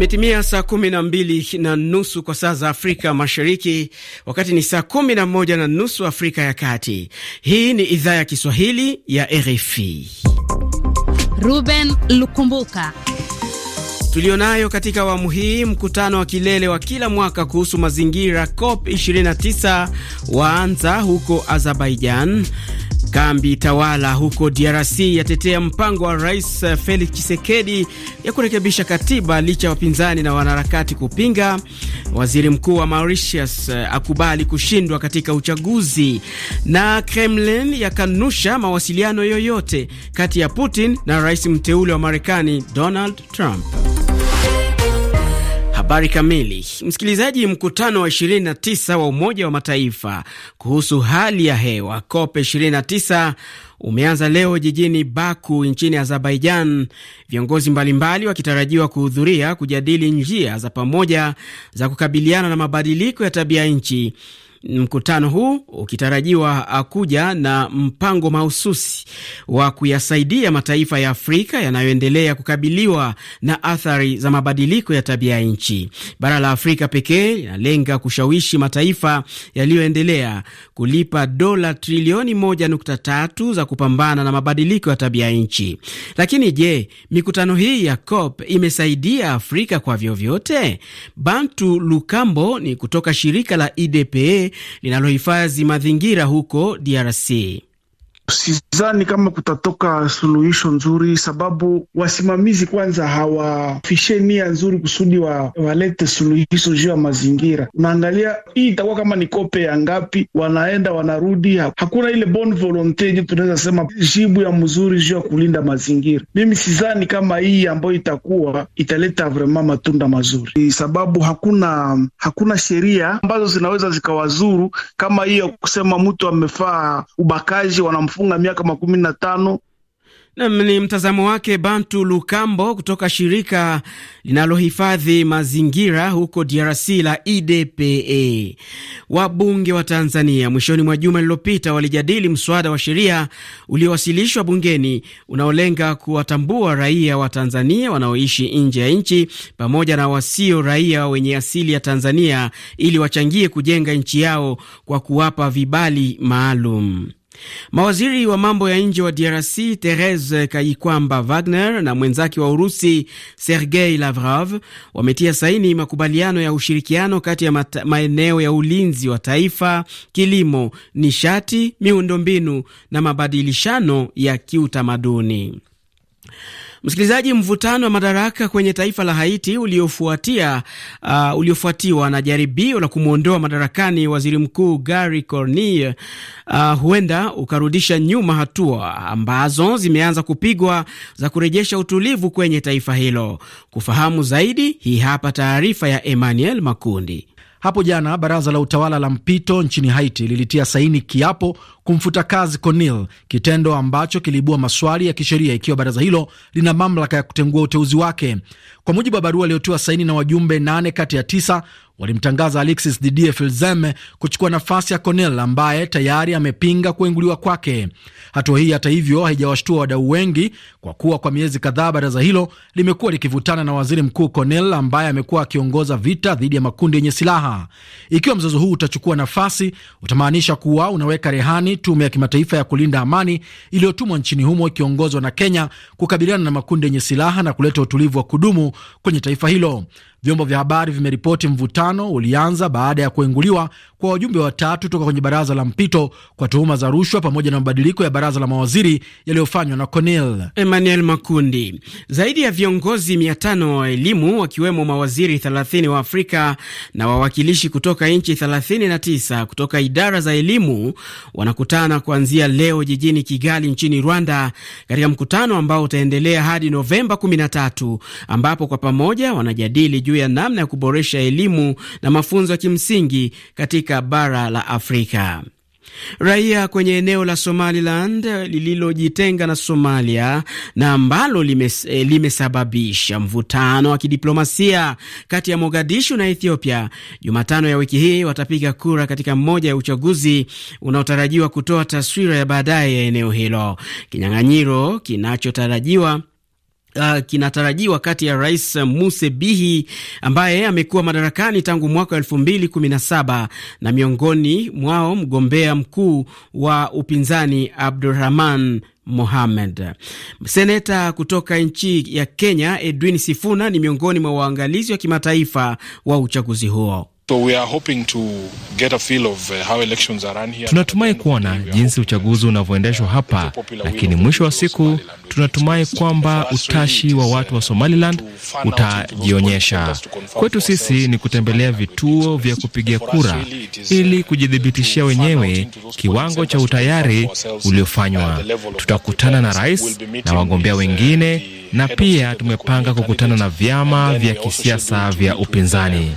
Imetimia saa kumi na mbili na nusu kwa saa za Afrika Mashariki, wakati ni saa kumi na moja na nusu Afrika ya Kati. Hii ni idhaa ya Kiswahili ya RFI. Ruben Lukumbuka tulionayo katika awamu hii. Mkutano wa kilele wa kila mwaka kuhusu mazingira COP 29 waanza huko Azerbaijan Kambi tawala huko DRC yatetea mpango wa Rais Felix Tshisekedi ya kurekebisha katiba licha ya wapinzani na wanaharakati kupinga. Waziri Mkuu wa Mauritius eh, akubali kushindwa katika uchaguzi, na Kremlin yakanusha mawasiliano yoyote kati ya Putin na rais mteule wa Marekani Donald Trump. Habari kamili, msikilizaji. Mkutano wa 29 wa Umoja wa Mataifa kuhusu hali ya hewa COP 29 umeanza leo jijini Baku nchini Azerbaijan, viongozi mbalimbali wakitarajiwa kuhudhuria kujadili njia za pamoja za kukabiliana na mabadiliko ya tabia nchi mkutano huu ukitarajiwa kuja na mpango mahususi wa kuyasaidia mataifa ya Afrika yanayoendelea kukabiliwa na athari za mabadiliko ya tabia ya nchi. Bara la Afrika pekee linalenga kushawishi mataifa yaliyoendelea kulipa dola trilioni 1.3 za kupambana na mabadiliko ya tabia nchi. Lakini je, mikutano hii ya COP imesaidia Afrika kwa vyovyote? Bantu Lukambo ni kutoka shirika la IDPA e linalohifadhi mazingira huko DRC sizani kama kutatoka suluhisho nzuri, sababu wasimamizi kwanza hawafishe nia nzuri kusudi wa, walete suluhisho juu ya mazingira. Unaangalia hii itakuwa kama ni kope ya ngapi, wanaenda wanarudi, hakuna ile bon volonte tunaweza sema jibu ya mzuri juu ya kulinda mazingira. Mimi sizani kama hii ambayo itakuwa italeta vrema matunda mazuri, sababu hakuna hakuna sheria ambazo zinaweza zikawazuru kama hiyo kusema mtu amefaa ubakaji wanamfu kufunga miaka makumi na tano. Nam ni mtazamo wake Bantu Lukambo kutoka shirika linalohifadhi mazingira huko DRC la IDPA. Wabunge wa Tanzania mwishoni mwa juma lililopita walijadili mswada wa sheria uliowasilishwa bungeni unaolenga kuwatambua raia wa Tanzania wanaoishi nje ya nchi pamoja na wasio raia wenye asili ya Tanzania ili wachangie kujenga nchi yao kwa kuwapa vibali maalum. Mawaziri wa mambo ya nje wa DRC Therese Kayikwamba Wagner na mwenzake wa Urusi Sergei Lavrov wametia saini makubaliano ya ushirikiano kati ya maeneo ya ulinzi wa taifa, kilimo, nishati, miundombinu na mabadilishano ya kiutamaduni. Msikilizaji, mvutano wa madaraka kwenye taifa la Haiti uliofuatia uh, uliofuatiwa na jaribio la kumwondoa madarakani waziri mkuu Gary Cornille uh, huenda ukarudisha nyuma hatua ambazo zimeanza kupigwa za kurejesha utulivu kwenye taifa hilo. Kufahamu zaidi, hii hapa taarifa ya Emmanuel Makundi. Hapo jana baraza la utawala la mpito nchini Haiti lilitia saini kiapo kumfuta kazi Conil, kitendo ambacho kiliibua maswali ya kisheria ikiwa baraza hilo lina mamlaka ya kutengua uteuzi wake. Kwa mujibu wa barua aliyotiwa saini na wajumbe nane kati ya tisa, walimtangaza Alexis Didier Filzeme kuchukua nafasi ya Cornel ambaye tayari amepinga kuenguliwa kwake. Hatua hii hata hivyo haijawashtua wadau wengi, kwa kuwa kwa miezi kadhaa baraza hilo limekuwa likivutana na waziri mkuu Cornel ambaye amekuwa akiongoza vita dhidi ya makundi yenye silaha. Ikiwa mzozo huu utachukua nafasi, utamaanisha kuwa unaweka rehani tume ya kimataifa ya kulinda amani iliyotumwa nchini humo ikiongozwa na Kenya kukabiliana na makundi yenye silaha na kuleta utulivu wa kudumu kwenye taifa hilo. Vyombo vya habari vimeripoti mvutano mvutano ulianza baada ya kuenguliwa kwa wajumbe watatu toka kwenye baraza la mpito kwa tuhuma za rushwa pamoja na mabadiliko ya baraza la mawaziri yaliyofanywa na Cornel Emmanuel Makundi. Zaidi ya viongozi mia tano wa elimu wakiwemo mawaziri 30 wa Afrika na wawakilishi kutoka nchi 39 kutoka idara za elimu wanakutana kuanzia leo jijini Kigali nchini Rwanda, katika mkutano ambao utaendelea hadi Novemba 13 ambapo kwa pamoja wanajadili juu ya namna ya kuboresha elimu na mafunzo ya kimsingi katika bara la Afrika. Raia kwenye eneo la Somaliland lililojitenga na Somalia na ambalo limes, eh, limesababisha mvutano wa kidiplomasia kati ya Mogadishu na Ethiopia, Jumatano ya wiki hii watapiga kura katika mmoja ya uchaguzi unaotarajiwa kutoa taswira ya baadaye ya eneo hilo. Kinyang'anyiro kinachotarajiwa Uh, kinatarajiwa kati ya Rais Muse Bihi ambaye amekuwa madarakani tangu mwaka wa saba na miongoni mwao mgombea mkuu wa upinzani Abdurahman Mohamed. Seneta kutoka nchi ya Kenya Edwin Sifuna ni miongoni mwa waangalizi wa kimataifa wa uchaguzi huo. Uh, tunatumai kuona jinsi uchaguzi unavyoendeshwa hapa, lakini mwisho wa siku tunatumai kwamba utashi wa watu wa uh, Somaliland utajionyesha. Kwetu sisi ni kutembelea vituo vya kupiga kura ili uh, kujidhibitishia wenyewe kiwango cha utayari uliofanywa. Tutakutana na rais na wagombea wengine na pia tumepanga kukutana na vyama vya kisiasa vya upinzani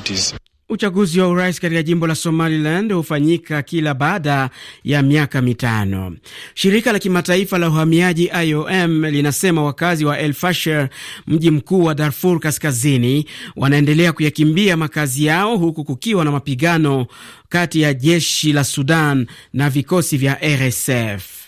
parties. Uchaguzi wa urais katika jimbo la Somaliland hufanyika kila baada ya miaka mitano. Shirika la kimataifa la uhamiaji IOM linasema wakazi wa El Fasher, mji mkuu wa Darfur Kaskazini, wanaendelea kuyakimbia makazi yao huku kukiwa na mapigano kati ya jeshi la Sudan na vikosi vya RSF.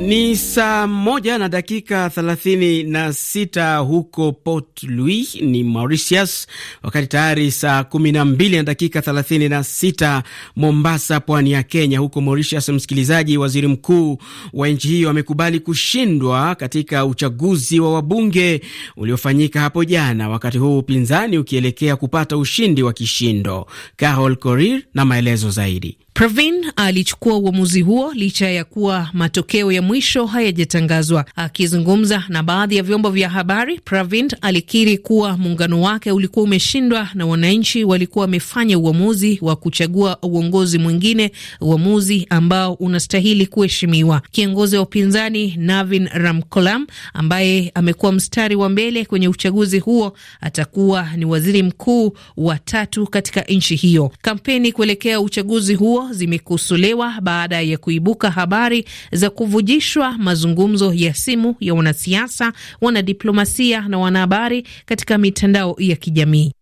Ni saa moja na dakika thelathini na sita huko Port Louis ni Mauritius, wakati tayari saa kumi na mbili na dakika thelathini na sita Mombasa, pwani ya Kenya. Huko Mauritius, msikilizaji, waziri mkuu wa nchi hiyo amekubali kushindwa katika uchaguzi wa wabunge uliofanyika hapo jana, wakati huu upinzani ukielekea kupata ushindi wa kishindo. Carol Korir na maelezo zaidi. Pravin alichukua uamuzi huo licha ya kuwa matokeo ya mwisho hayajatangazwa. Akizungumza na baadhi ya vyombo vya habari, Pravin alikiri kuwa muungano wake ulikuwa umeshindwa na wananchi walikuwa wamefanya uamuzi wa kuchagua uongozi mwingine, uamuzi ambao unastahili kuheshimiwa. Kiongozi wa upinzani Navin Ramkolam ambaye amekuwa mstari wa mbele kwenye uchaguzi huo atakuwa ni waziri mkuu wa tatu katika nchi hiyo. Kampeni kuelekea uchaguzi huo zimekosolewa baada ya kuibuka habari za kuvujishwa mazungumzo ya simu ya wanasiasa, wanadiplomasia na wanahabari katika mitandao ya kijamii.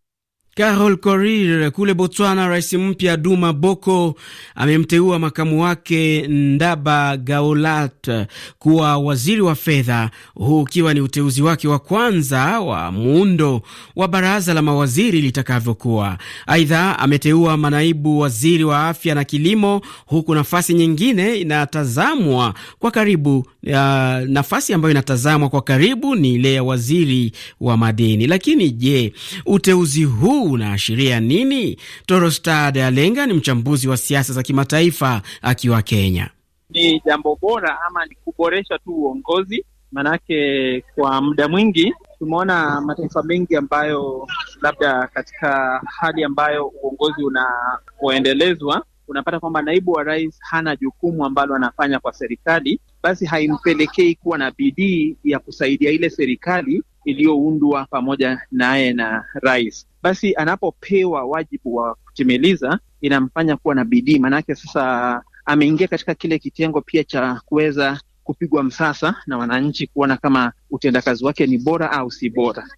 Carol Korir kule Botswana, rais mpya Duma Boko amemteua makamu wake Ndaba Gaolat kuwa waziri wa fedha, huu ukiwa ni uteuzi wake wa kwanza wa muundo wa baraza la mawaziri litakavyokuwa. Aidha, ameteua manaibu waziri wa afya na kilimo, huku nafasi nyingine inatazamwa kwa karibu. Uh, nafasi ambayo inatazamwa kwa karibu ni ile ya waziri wa madini. Lakini je, uteuzi huu unaashiria nini? Torostad Alenga ni mchambuzi wa siasa za kimataifa akiwa Kenya. Ni jambo bora ama ni kuboresha tu uongozi? Maanake kwa muda mwingi tumeona mataifa mengi ambayo labda katika hali ambayo uongozi unapoendelezwa unapata kwamba naibu wa rais hana jukumu ambalo anafanya kwa serikali, basi haimpelekei kuwa na bidii ya kusaidia ile serikali iliyoundwa pamoja naye na rais basi anapopewa wajibu wa kutimiliza inamfanya kuwa na bidii, maanake sasa ameingia katika kile kitengo pia cha kuweza kupigwa msasa na wananchi kuona kama utendakazi wake ni bora au si bora.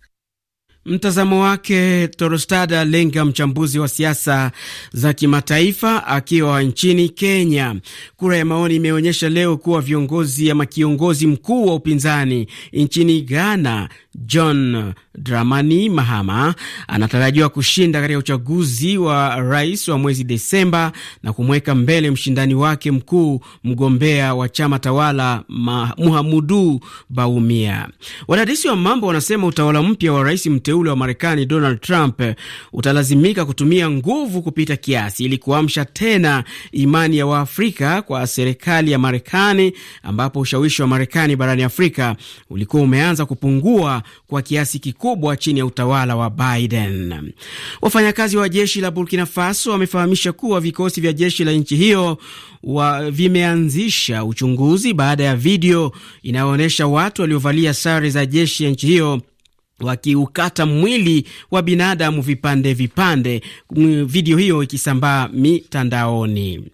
Mtazamo wake Torostada Lenga, mchambuzi wa siasa za kimataifa akiwa nchini Kenya. Kura ya maoni imeonyesha leo kuwa viongozi ama kiongozi mkuu wa upinzani nchini Ghana John Dramani Mahama anatarajiwa kushinda katika uchaguzi wa rais wa mwezi Desemba na kumweka mbele mshindani wake mkuu, mgombea wa chama tawala Muhamudu Baumia. Wadadisi wa mambo wanasema utawala mpya wa rais mteule wa Marekani Donald Trump utalazimika kutumia nguvu kupita kiasi ili kuamsha tena imani ya Waafrika kwa serikali ya Marekani, ambapo ushawishi wa Marekani barani Afrika ulikuwa umeanza kupungua kwa kiasi kikubwa chini ya utawala wa Biden. Wafanyakazi wa jeshi la Burkina Faso wamefahamisha kuwa vikosi vya jeshi la nchi hiyo wa vimeanzisha uchunguzi baada ya video inayoonyesha watu waliovalia sare za jeshi ya nchi hiyo wakiukata mwili wa binadamu vipande vipande, video hiyo ikisambaa mitandaoni.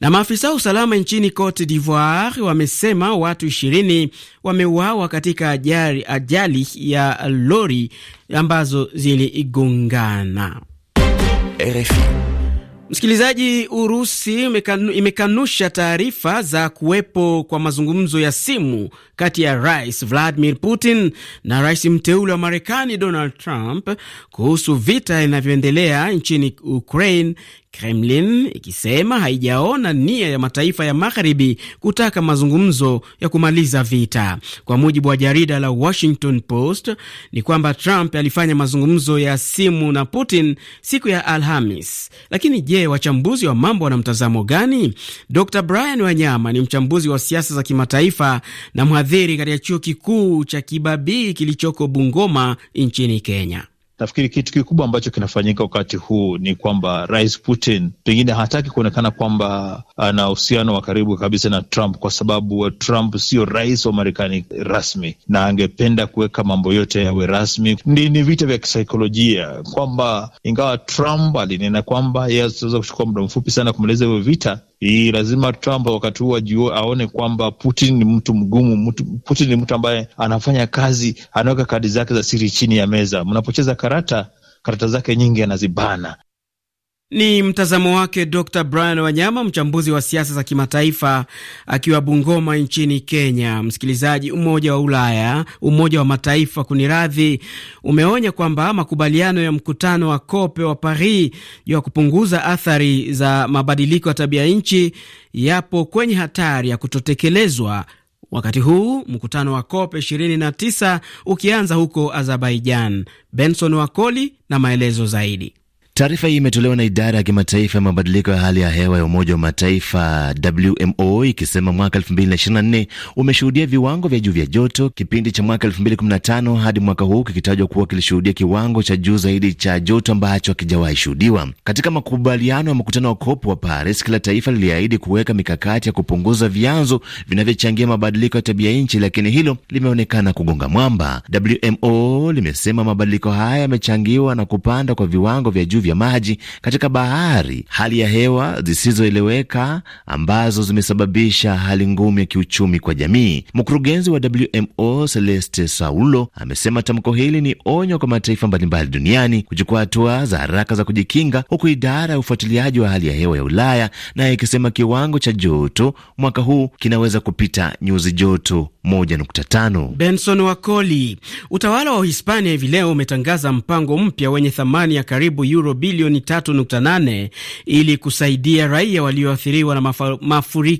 Na maafisa wa usalama nchini Cote d'Ivoire wamesema watu ishirini wameuawa katika ajali, ajali ya lori ambazo ziligongana. Msikilizaji, Urusi imekanu, imekanusha taarifa za kuwepo kwa mazungumzo ya simu kati ya Rais Vladimir Putin na rais mteule wa Marekani Donald Trump kuhusu vita inavyoendelea nchini Ukraine, Kremlin ikisema haijaona nia ya mataifa ya magharibi kutaka mazungumzo ya kumaliza vita. Kwa mujibu wa jarida la Washington Post ni kwamba Trump alifanya mazungumzo ya simu na Putin siku ya Alhamis. Lakini je, wachambuzi wa mambo wana mtazamo gani? Dr Brian Wanyama ni mchambuzi wa siasa za kimataifa na mhadhiri katika chuo kikuu cha Kibabii kilichoko Bungoma nchini Kenya. Nafikiri kitu kikubwa ambacho kinafanyika wakati huu ni kwamba Rais Putin pengine hataki kuonekana kwamba ana uhusiano wa karibu kabisa na Trump, kwa sababu Trump sio rais wa Marekani rasmi, na angependa kuweka mambo yote yawe rasmi. Ni, ni vita vya kisaikolojia kwamba ingawa Trump alinena kwamba yeye ataweza kuchukua muda mfupi sana kumaliza hivyo vita hii lazima Trump wakati huu ajue, aone kwamba Putin ni mtu mgumu mtu, Putin ni mtu ambaye anafanya kazi, anaweka kadi zake za siri chini ya meza. Mnapocheza karata, karata zake nyingi anazibana. Ni mtazamo wake Dr Brian Wanyama, mchambuzi wa siasa za kimataifa akiwa Bungoma nchini Kenya. Msikilizaji, Umoja wa Ulaya, Umoja wa Mataifa kuniradhi, umeonya kwamba makubaliano ya mkutano wa kope wa Paris juu ya kupunguza athari za mabadiliko ya tabia nchi yapo kwenye hatari ya kutotekelezwa wakati huu mkutano wa COP 29 ukianza huko Azerbaijan. Benson Wakoli na maelezo zaidi. Taarifa hii imetolewa na idara ya kimataifa ya mabadiliko ya hali ya hewa ya Umoja wa Mataifa, WMO, ikisema mwaka 2024 umeshuhudia viwango vya juu vya joto, kipindi cha mwaka 2015 hadi mwaka huu kikitajwa kuwa kilishuhudia kiwango cha juu zaidi cha joto ambacho hakijawahi shuhudiwa. Katika makubaliano ya mkutano wa COP wa Paris, kila taifa liliahidi kuweka mikakati ya kupunguza vyanzo vinavyochangia mabadiliko ya tabia nchi, lakini hilo limeonekana kugonga mwamba. WMO limesema mabadiliko haya yamechangiwa na kupanda kwa viwango vya juu vya maji katika bahari, hali ya hewa zisizoeleweka ambazo zimesababisha hali ngumu ya kiuchumi kwa jamii. Mkurugenzi wa WMO Celeste Saulo amesema tamko hili ni onyo kwa mataifa mbalimbali duniani kuchukua hatua za haraka za kujikinga, huku idara ya ufuatiliaji wa hali ya hewa ya Ulaya naye ikisema kiwango cha joto mwaka huu kinaweza kupita nyuzi joto 1.5. Benson Wakoli. Utawala wa Uhispania hivi leo umetangaza mpango mpya wenye thamani ya karibu euro bilioni 3.8 ili kusaidia raia walioathiriwa na mafuriko